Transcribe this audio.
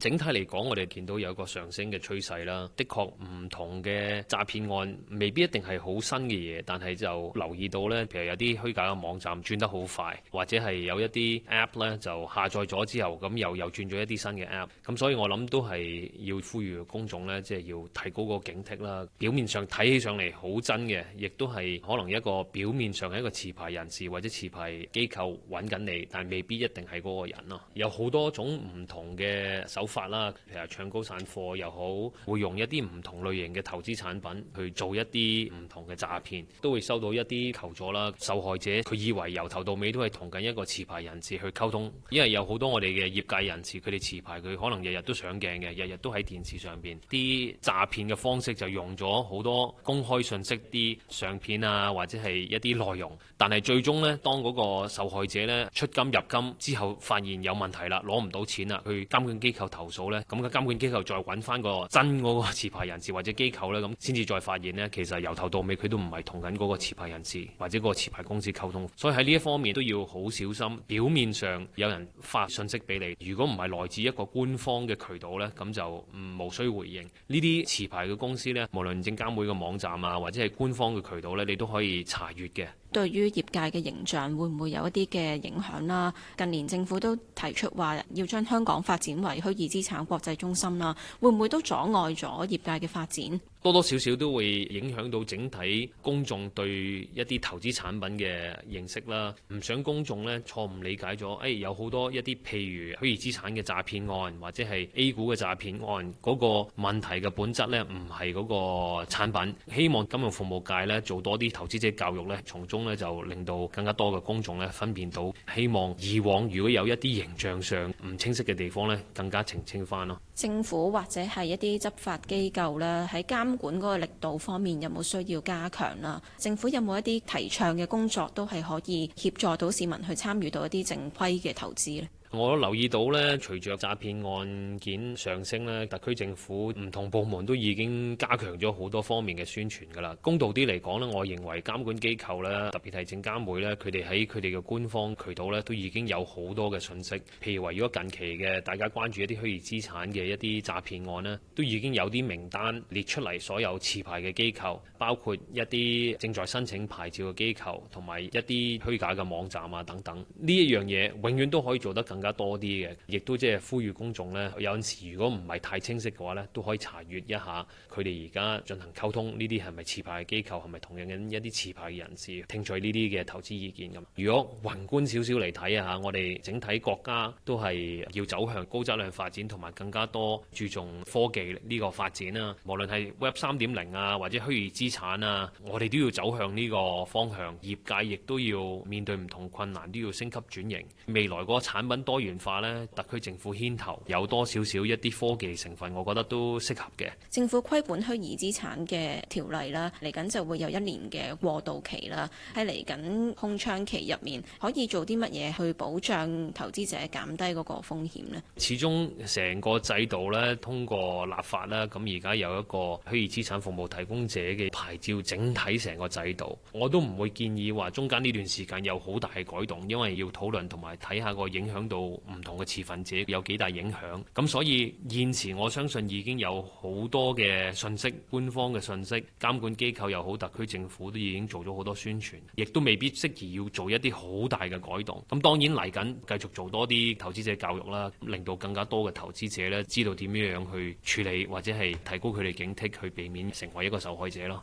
整體嚟講，我哋見到有個上升嘅趨勢啦。的確，唔同嘅詐騙案未必一定係好新嘅嘢，但係就留意到呢，譬如有啲虛假嘅網站轉得好快，或者係有一啲 App 呢就下載咗之後，咁又又轉咗一啲新嘅 App。咁所以我諗都係要呼籲公眾呢，即係要提高個警惕啦。表面上睇起上嚟好真嘅，亦都係可能一個表面上係一個持牌人士或者持牌機構揾緊你，但係未必一定係嗰個人咯。有好多種唔同嘅手。法啦，譬如話唱高散貨又好，會用一啲唔同類型嘅投資產品去做一啲唔同嘅詐騙，都會收到一啲求助啦。受害者佢以為由頭到尾都係同緊一個持牌人士去溝通，因為有好多我哋嘅業界人士，佢哋持牌，佢可能日日都上鏡嘅，日日都喺電視上邊。啲詐騙嘅方式就用咗好多公開信息啲相片啊，或者係一啲內容，但係最終呢，當嗰個受害者呢出金入金之後，發現有問題啦，攞唔到錢啦，去監管機構投訴呢，咁嘅監管機構再揾翻個真嗰個持牌人士或者機構呢，咁先至再發現呢，其實由頭到尾佢都唔係同緊嗰個持牌人士或者嗰個持牌公司溝通，所以喺呢一方面都要好小心。表面上有人發信息俾你，如果唔係來自一個官方嘅渠道呢，咁就唔無需回應呢啲持牌嘅公司呢，無論證監會嘅網站啊，或者係官方嘅渠道呢，你都可以查閱嘅。對於業界嘅形象會唔會有一啲嘅影響啦？近年政府都提出話要將香港發展為虛擬資產國際中心啦，會唔會都阻礙咗業界嘅發展？多多少少都會影響到整體公眾對一啲投資產品嘅認識啦，唔想公眾呢錯誤理解咗，誒、哎、有好多一啲譬如虛擬資產嘅詐騙案，或者係 A 股嘅詐騙案嗰、嗰個問題嘅本質呢，唔係嗰個產品。希望金融服務界呢，做多啲投資者教育呢，從中呢，就令到更加多嘅公眾呢，分辨到，希望以往如果有一啲形象上唔清晰嘅地方呢，更加澄清翻咯。政府或者係一啲執法機構啦，喺監監管嗰個力度方面有冇需要加強啦？政府有冇一啲提倡嘅工作都係可以協助到市民去參與到一啲正規嘅投資呢？我留意到咧，隨住個詐騙案件上升咧，特區政府唔同部門都已經加強咗好多方面嘅宣傳㗎啦。公道啲嚟講呢，我認為監管機構咧，特別係證監會咧，佢哋喺佢哋嘅官方渠道咧，都已經有好多嘅信息。譬如話，如果近期嘅大家關注一啲虛擬資產嘅一啲詐騙案呢，都已經有啲名單列出嚟，所有持牌嘅機構，包括一啲正在申請牌照嘅機構，同埋一啲虛假嘅網站啊等等。呢一樣嘢永遠都可以做得更。更加多啲嘅，亦都即係呼籲公眾咧，有陣時，如果唔係太清晰嘅話咧，都可以查閱一下，佢哋而家進行溝通呢啲係咪持牌機構，係咪同樣緊一啲持牌人士，聽取呢啲嘅投資意見咁。如果宏觀少少嚟睇一下，我哋整體國家都係要走向高質量發展，同埋更加多注重科技呢個發展啦。無論係 Web 三點零啊，或者虛擬資產啊，我哋都要走向呢個方向。業界亦都要面對唔同困難，都要升級轉型。未來嗰個產品，多元化咧，特區政府牽頭有多少少一啲科技成分，我覺得都適合嘅。政府規管虛擬資產嘅條例啦，嚟緊就會有一年嘅過渡期啦。喺嚟緊空窗期入面，可以做啲乜嘢去保障投資者減低嗰個風險咧？始終成個制度咧，通過立法啦。咁而家有一個虛擬資產服務提供者嘅牌照，整體成個制度，我都唔會建議話中間呢段時間有好大嘅改動，因為要討論同埋睇下個影響度。唔同嘅持份者有幾大影響，咁所以現時我相信已經有好多嘅信息，官方嘅信息，監管機構又好，特區政府都已經做咗好多宣傳，亦都未必適宜要做一啲好大嘅改動。咁當然嚟緊繼續做多啲投資者教育啦，令到更加多嘅投資者咧知道點樣樣去處理，或者係提高佢哋警惕，去避免成為一個受害者咯。